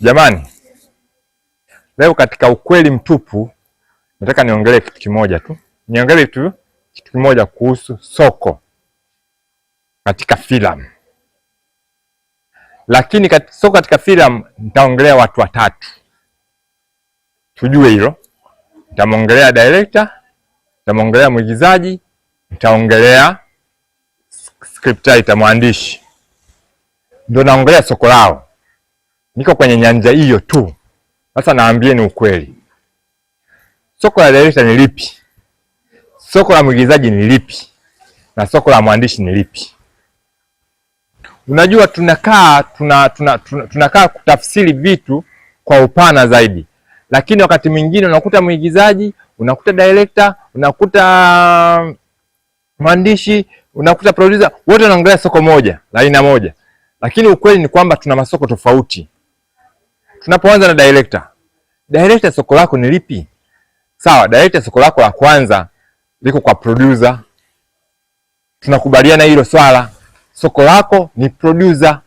Jamani, leo katika ukweli mtupu nataka niongelee kitu kimoja tu, niongelee tu kitu kimoja kuhusu soko katika filamu. Lakini kat, soko katika filamu nitaongelea watu watatu, tujue hilo. Nitamwongelea director, nitamwongelea mwigizaji, nitaongelea scriptwriter, mwandishi, ndio naongelea soko lao niko kwenye nyanja hiyo tu. Sasa naambieni ukweli, soko la director ni lipi? Soko la mwigizaji ni lipi? na soko la mwandishi ni lipi? Unajua, tunakaa tuna, tuna, tuna, tuna kutafsiri vitu kwa upana zaidi, lakini wakati mwingine unakuta mwigizaji, unakuta director, unakuta um, mwandishi, unakuta producer, wote wanaongelea soko moja la aina moja, lakini ukweli ni kwamba tuna masoko tofauti. Tunapoanza na director. Director soko lako ni lipi? Sawa, director soko lako la kwanza liko kwa producer. Tunakubaliana hilo swala. Soko lako ni producer.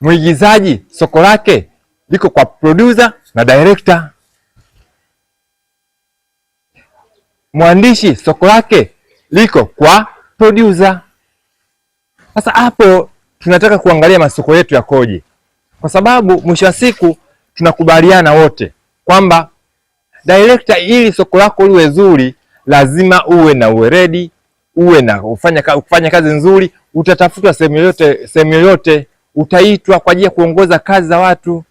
Mwigizaji soko lake liko kwa producer na director. Mwandishi soko lake liko kwa producer. Sasa hapo tunataka kuangalia masoko yetu yakoje kwa sababu mwisho wa siku tunakubaliana wote kwamba director, ili soko lako liwe zuri, lazima uwe na uweredi, uwe na ufanya, kufanya kazi nzuri. Utatafutwa sehemu yoyote, sehemu yoyote utaitwa kwa ajili ya kuongoza kazi za watu,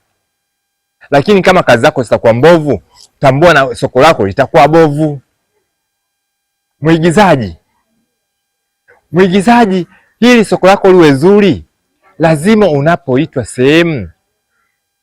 lakini kama kazi zako zitakuwa mbovu, tambua na soko lako litakuwa bovu. Mwigizaji, mwigizaji, ili soko lako liwe zuri lazima unapoitwa sehemu,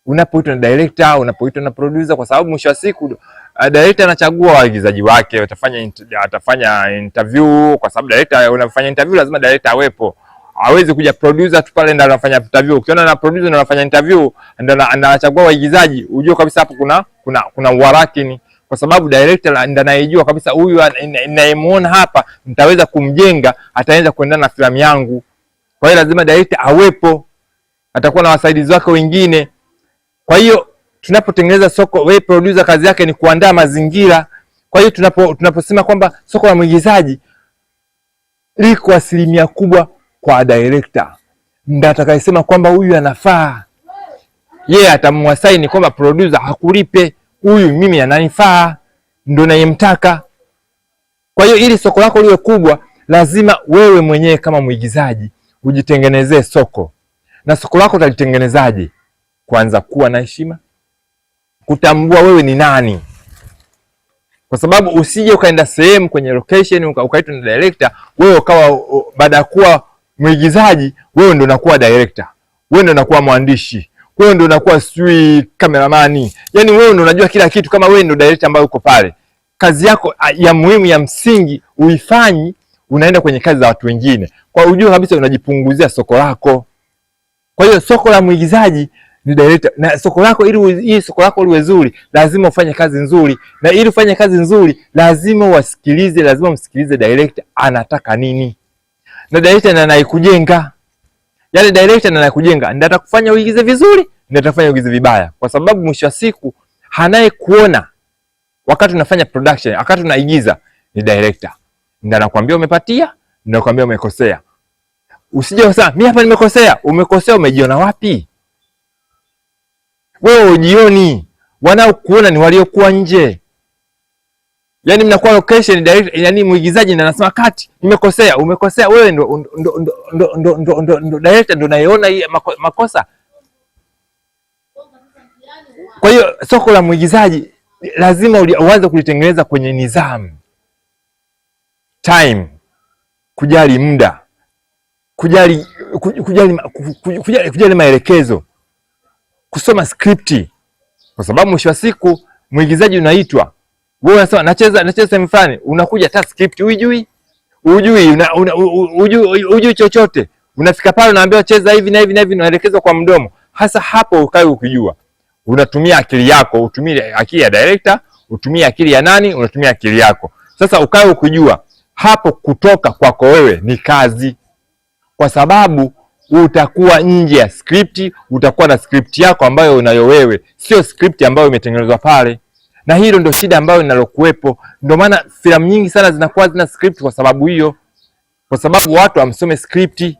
unapoitwa na director, unapoitwa na producer, kwa sababu mwisho wa siku uh, director anachagua waigizaji wake, atafanya atafanya interview, kwa sababu director, unafanya interview lazima director awepo. Hawezi kuja producer tu pale ndio anafanya interview. Ukiona na producer ndio anafanya interview, ndio anachagua waigizaji, ujue kabisa hapo kuna kuna kuna uharakini kwa sababu director ndo anayejua kabisa huyu ninayemuona hapa nitaweza kumjenga, ataanza kuendana na filamu yangu. Kwa hiyo lazima director awepo, atakuwa na wasaidizi wake wengine. Kwa hiyo tunapotengeneza soko, wewe producer kazi yake ni kuandaa mazingira. Kwa hiyo tunapo tunaposema kwamba soko la mwigizaji liko asilimia kubwa kwa director, ndio atakayesema kwamba huyu anafaa yeye, yeah, atamwasaini kwamba producer hakulipe huyu, mimi ananifaa, ndio nayemtaka. Kwa hiyo ili soko lako liwe kubwa, lazima wewe mwenyewe kama mwigizaji ujitengenezee soko. Na soko lako utalitengenezaje? Kwanza kuwa na heshima, kutambua wewe ni nani, kwa sababu usije ukaenda sehemu kwenye location ukaitwa na director, wewe ukawa baada ya kuwa mwigizaji wewe ndo unakuwa director, wewe ndo unakuwa mwandishi, wewe ndo unakuwa sijui kameramani, yani wewe ndo unajua kila kitu, kama wewe ndo director ambaye uko pale. Kazi yako ya muhimu ya msingi uifanyi, unaenda kwenye kazi za watu wengine kwa ujua kabisa unajipunguzia soko lako. Kwa hiyo soko la mwigizaji ni director, na soko lako ili hii soko lako liwe zuri, lazima ufanye kazi nzuri, na ili ufanye kazi nzuri lazima wasikilize, lazima msikilize director anataka nini, na director ndiye anayekujenga. Yaani director ndiye anayekujenga, ndiye atakufanya uigize vizuri, ndiye atakufanya uigize vibaya, kwa sababu mwisho wa siku anayekuona wakati unafanya production, wakati unaigiza ni director, ndiye anakuambia umepatia, ndiye anakuambia umekosea. Usije usema mimi hapa nimekosea. Umekosea, umejiona wapi? Wewe ujioni, wanaokuona ni waliokuwa nje. Yaani mnakuwa location direct, yaani mwigizaji na anasema kati, nimekosea. Umekosea wewe, ndo ndo ndo ndo ndo director ndo naiona hii makosa. Kwa hiyo soko la mwigizaji lazima uanze kulitengeneza kwenye nidhamu, time, kujali muda kujali, kujali, kujali, kujali kujali maelekezo, kusoma skripti, kwa sababu mwisho wa siku mwigizaji unaitwa wewe, unasema nacheza nacheza sehemu fulani, unakuja hata skripti hujui, hujui una, una, hujui chochote, unafika pale unaambiwa cheza hivi na hivi na hivi, unaelekezwa kwa mdomo. Hasa hapo ukae ukijua, unatumia akili yako, utumie akili ya director, utumie akili ya nani, unatumia akili yako. Sasa ukae ukijua hapo, kutoka kwako wewe ni kazi kwa sababu utakuwa nje ya skripti, utakuwa na skripti yako ambayo unayo wewe, sio skripti ambayo imetengenezwa pale, na hilo ndio shida ambayo inalokuwepo. Ndio maana filamu nyingi sana zinakuwa zina skripti kwa sababu hiyo, kwa sababu watu wamsome skripti,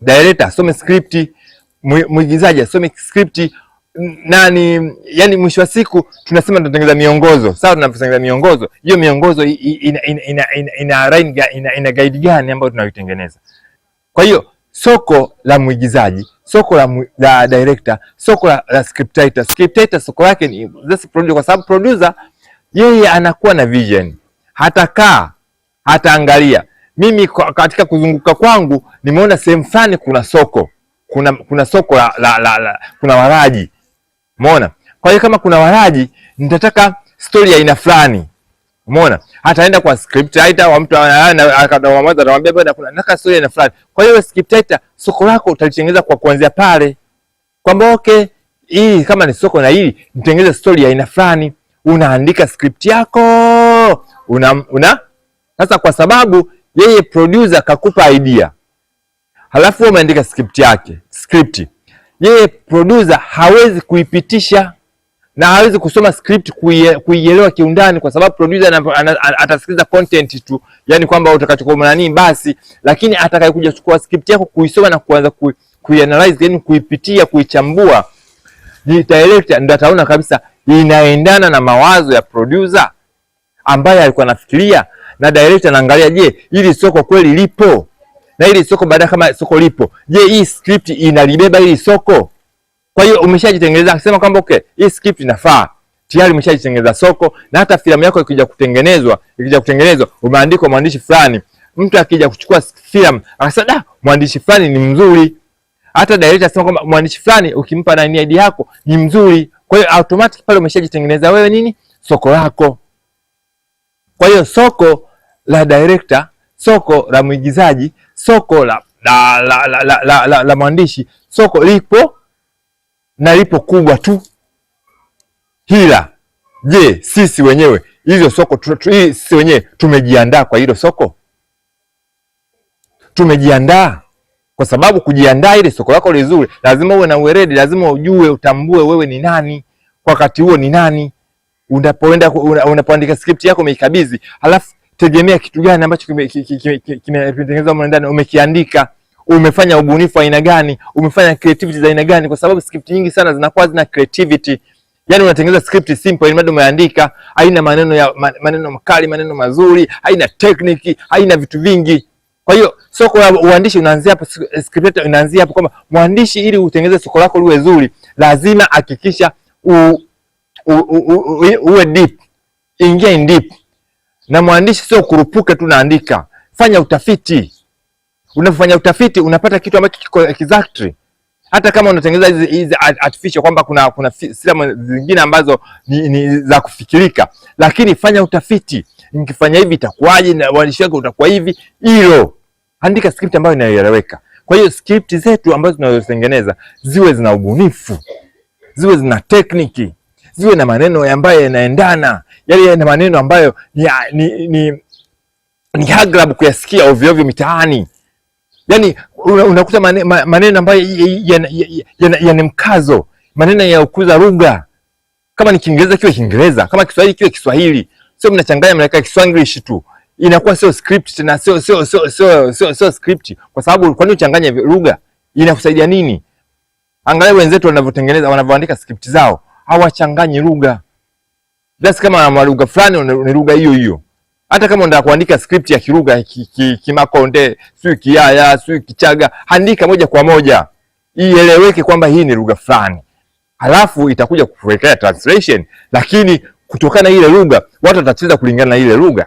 director asome skripti, mwigizaji asome skripti nani yani, mwisho wa siku tunasema tunatengeneza miongozo sawa. Tunapotengeneza miongozo, hiyo miongozo ina ina ina ina ina, ina, ina, ina, ina guide gani ambayo tunayotengeneza? Kwa hiyo soko la mwigizaji, soko la, mu, la director, soko la, la script writer. Script writer soko lake ni this producer, kwa sababu producer yeye anakuwa na vision, hatakaa hataangalia. Mimi katika kuzunguka kwangu nimeona sehemu fulani kuna soko kuna, kuna soko la, la, la, la, kuna walaji, umeona. Kwa hiyo kama kuna walaji, nitataka stori ya aina fulani Umeona? Hataenda kwa script writer wa mtu ah, atamwambia bwana kuna naka story na fulani. Kwa hiyo script writer soko lako utalitengeneza kwa kuanzia pale. Kwamba okay, hii kama ni soko na hili nitengeneze story ya aina fulani. Unaandika script yako. Una una sasa kwa sababu yeye producer kakupa idea. Halafu umeandika script yake, script. Yeye producer hawezi kuipitisha na hawezi kusoma script kuielewa kiundani, kwa sababu producer atasikiliza content tu, yani kwamba utakachokuwa nani basi, lakini atakayekuja kuchukua script yako kuisoma na kuanza ku, kuianalyze, yani kuipitia, kuichambua, ndio ataona kabisa inaendana na mawazo ya producer ambaye alikuwa anafikiria, na director anaangalia, je, ili soko kweli lipo? Na ili soko baada kama soko lipo, je, hii script inalibeba ili soko? Kwa hiyo umeshajitengeneza akisema kwamba okay, hii script inafaa tayari, umeshajitengeneza soko, na hata filamu yako ikija kutengenezwa ikija kutengenezwa umeandikwa mwandishi fulani, mtu akija kuchukua filamu akasema da, mwandishi fulani ni mzuri, hata director asema kwamba mwandishi fulani ukimpa na idea yako ni mzuri. Kwa hiyo automatic pale umeshajitengeneza wewe nini soko lako. Kwa hiyo soko la director, soko la mwigizaji, soko la la la, la, la, la, la, la mwandishi, soko lipo na lipo kubwa tu. Hila je, sisi wenyewe hizo soko tu, tu, sisi wenyewe tumejiandaa kwa hilo soko? Tumejiandaa kwa sababu kujiandaa ile soko lako lizuri, lazima uwe na uweredi, lazima ujue, utambue wewe ni nani kwa wakati huo ni nani. Unapoenda unapoandika script yako umeikabidhi, halafu tegemea kitu gani ambacho kimetengenezwa ndani umekiandika umefanya ubunifu aina gani, umefanya creativity za aina gani, kwa sababu script nyingi sana zinakuwa zina creativity. Yani unatengeneza script simple, ili yaani mradi umeandika, haina maneno ya maneno makali, maneno mazuri, haina technique, haina vitu vingi. Kwa hiyo soko la uandishi unaanzia hapo, script yetu inaanzia hapo, kwamba mwandishi ili utengeneze soko lako liwe zuri, lazima hakikisha u, u, u, u, u, u, uwe deep, ingia in deep. Na mwandishi sio kurupuka tu naandika, fanya utafiti unafanya utafiti unapata kitu ambacho kiko exactly hata kama unatengeneza hizi hizi artificial kwamba kuna kuna silamu zingine ambazo ni, ni za kufikirika, lakini fanya utafiti. Nikifanya hivi itakuwaje na waandishi wake utakuwa hivi? Hilo andika script ambayo inaeleweka. Kwa hiyo script zetu ambazo tunazotengeneza ziwe zina ubunifu, ziwe zina tekniki, ziwe na maneno ambayo yanaendana, yale yaani na maneno ambayo ni ni, ni, ni, ni, ni, kuyasikia ovyo ovyo mitaani yani unakuta maneno, ambayo yana mkazo, maneno ya ukuza lugha. Kama ni Kiingereza kiwe Kiingereza, kama Kiswahili kiwe Kiswahili, sio mnachanganya mnaweka Kiswanglish tu inakuwa sio script tena, sio sio sio sio sio sio script, kwa sababu kwa nini uchanganye lugha? Inakusaidia nini? Angalia wenzetu wanavyotengeneza wanavyoandika script zao, hawachanganyi lugha. Basi kama lugha fulani ni lugha hiyo hiyo. Hata kama unataka kuandika script ya Kiruga, Kimakonde, ki, ki sio Kiaya, sio Kichaga, andika moja kwa moja ieleweke kwamba hii ni lugha fulani, halafu itakuja kuwekea translation, lakini kutokana na ile lugha watu watacheza kulingana na ile lugha.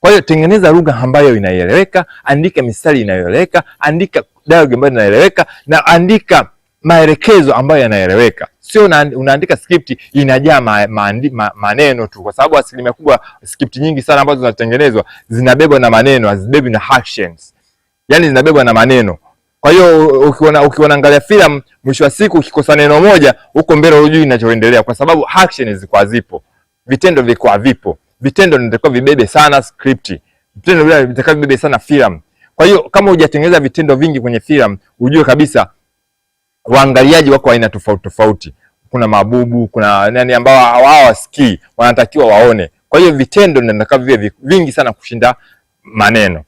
Kwa hiyo tengeneza lugha ambayo inaieleweka, andika mistari inayoeleweka, andika dialogue ambayo inaeleweka na andika maelekezo ambayo yanaeleweka, sio unaandika skripti inajaa ma, ma, ma, maneno tu, kwa sababu asilimia kubwa skripti nyingi sana ambazo zinatengenezwa zinabebwa na maneno, hazibebwi na actions, yani zinabebwa na maneno. Kwa hiyo ukiona ukiona angalia filamu, mwisho wa siku ukikosa neno moja, huko mbele hujui inachoendelea kwa sababu actions ziko hazipo, vitendo viko havipo. Vitendo vinatakiwa vibebe sana skripti, vitendo vinatakiwa vibebe sana filamu. Kwa hiyo kama hujatengeneza vitendo vingi kwenye filamu, ujue kabisa waangaliaji wako aina tofauti tofauti. Kuna mabubu, kuna nani ambao wasikii, wanatakiwa waone. Kwa hiyo vitendo vinataka viwe vingi sana kushinda maneno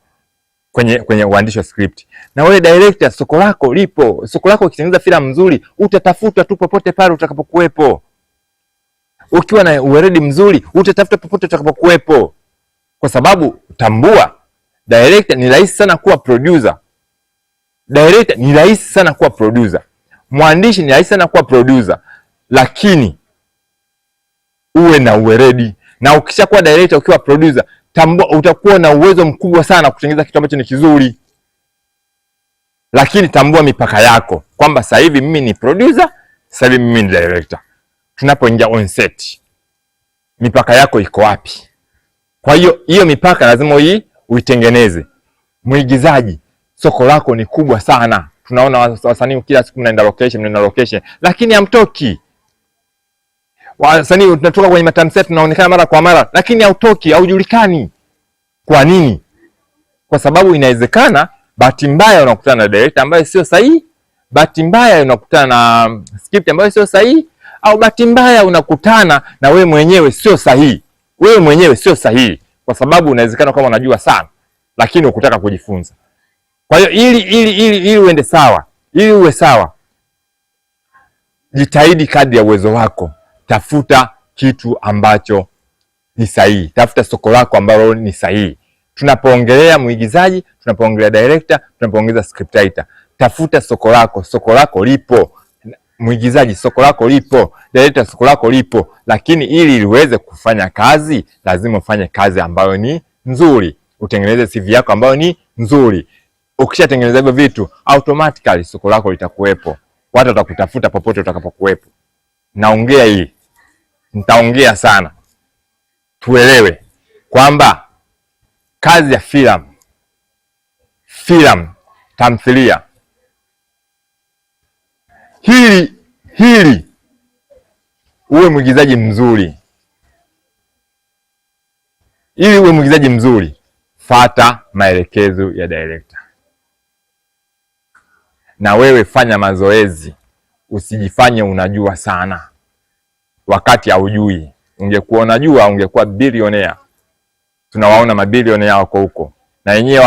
kwenye kwenye uandishi wa script. Na wewe director, soko lako lipo. Soko lako ukitengeneza filamu nzuri, utatafutwa tu popote pale utakapokuwepo. Ukiwa na uweredi mzuri, utatafuta popote utakapokuwepo, kwa sababu tambua, director ni rahisi sana kuwa producer. Director ni rahisi sana kuwa producer. Mwandishi ni rahisi sana kuwa producer, lakini uwe na uweredi, na ukishakuwa director, ukiwa producer, tambua utakuwa na uwezo mkubwa sana kutengeneza kitu ambacho ni kizuri, lakini tambua mipaka yako kwamba sasa hivi mimi ni producer, sasa hivi mimi ni director. Tunapoingia on set, mipaka yako iko wapi? Kwa hiyo hiyo mipaka lazima uitengeneze. Mwigizaji, soko lako ni kubwa sana tunaona wasanii kila siku mnaenda location, mnaenda location, lakini hamtoki. Wasanii tunatoka kwenye matamthilia tunaonekana mara kwa mara, lakini hautoki, haujulikani. Kwa nini? Kwa sababu inawezekana bahati mbaya unakutana na director ambaye sio sahihi, bahati mbaya unakutana na um, script ambayo sio sahihi, au bahati mbaya unakutana na wewe mwenyewe sio sahihi. Wewe mwenyewe sio sahihi, kwa sababu unawezekana kama unajua sana, lakini ukutaka kujifunza. Kwa hiyo ili ili ili ili uende sawa, ili uwe sawa, jitahidi kadri ya uwezo wako, tafuta kitu ambacho ni sahihi, tafuta soko lako ambalo ni sahihi. Tunapoongelea mwigizaji, tunapoongelea director, tunapoongeza script writer, tafuta soko lako. Soko lako lipo. Mwigizaji soko lako lipo, director soko lako lipo, lakini ili liweze kufanya kazi lazima ufanye kazi ambayo ni nzuri, utengeneze CV yako ambayo ni nzuri. Ukishatengeneza hivyo vitu automatically soko lako litakuwepo, watu watakutafuta popote utakapokuwepo. Naongea hii, nitaongea sana, tuelewe kwamba kazi ya filamu, filamu, tamthilia, hili hili, uwe mwigizaji mzuri. Ili uwe mwigizaji mzuri, fata maelekezo ya director na wewe fanya mazoezi, usijifanye unajua sana wakati haujui. Ungekuwa unajua ungekuwa bilionea. Tunawaona mabilionea wako huko, na wenyewe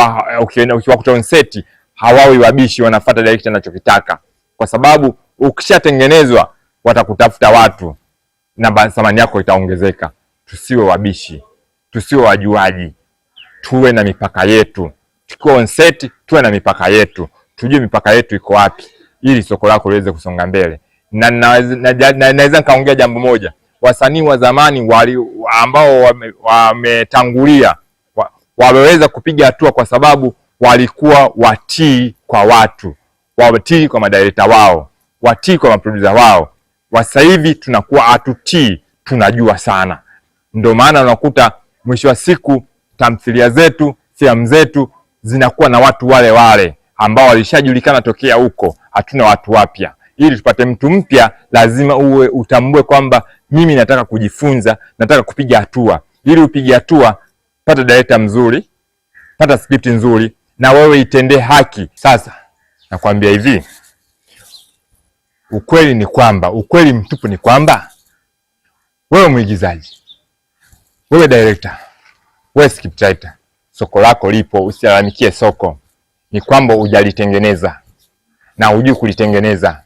ukiwakuta onseti hawawi wabishi, wanafuata direct anachokitaka, kwa sababu ukishatengenezwa watakutafuta watu na thamani yako itaongezeka. Tusiwe wabishi, tusiwe wajuaji, tuwe na mipaka yetu. Tukiwa onseti tuwe na mipaka yetu tujue mipaka yetu iko wapi, ili soko lako liweze kusonga mbele. Na naweza na, na, na, nikaongea jambo moja, wasanii wa zamani wali, ambao wametangulia wame wa, wameweza kupiga hatua kwa sababu walikuwa watii kwa watu, watii kwa madirekta wao, watii kwa maprodusa wao. Sasa hivi tunakuwa hatutii, tunajua sana, ndio maana unakuta mwisho wa siku tamthilia zetu, filamu zetu zinakuwa na watu wale wale ambao walishajulikana tokea huko, hatuna watu wapya. Ili tupate mtu mpya, lazima uwe utambue kwamba mimi nataka kujifunza, nataka kupiga hatua. Ili upige hatua, pata director mzuri, pata script nzuri, na wewe itendee haki. Sasa nakwambia hivi, ukweli ni kwamba, ukweli mtupu ni kwamba wewe mwigizaji, wewe director, wewe script writer, soko lako lipo, usilalamikie soko ni kwamba hujalitengeneza na hujui kulitengeneza.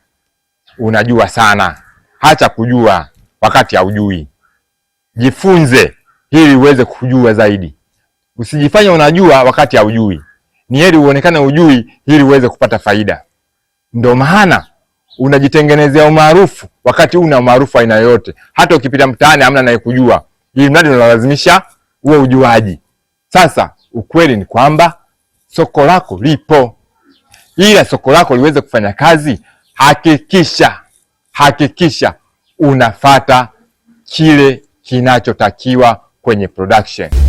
Unajua sana, hacha kujua wakati haujui. Jifunze ili uweze kujua zaidi. Usijifanye unajua wakati haujui. Ni heri uonekane ujui ili uweze kupata faida. Ndio maana unajitengenezea umaarufu wakati una umaarufu aina yoyote. Hata ukipita mtaani hamna anayekujua, ili mradi unalazimisha uwe ujuaji. Sasa ukweli ni kwamba soko lako lipo, ila soko lako liweze kufanya kazi, hakikisha hakikisha unafata kile kinachotakiwa kwenye production.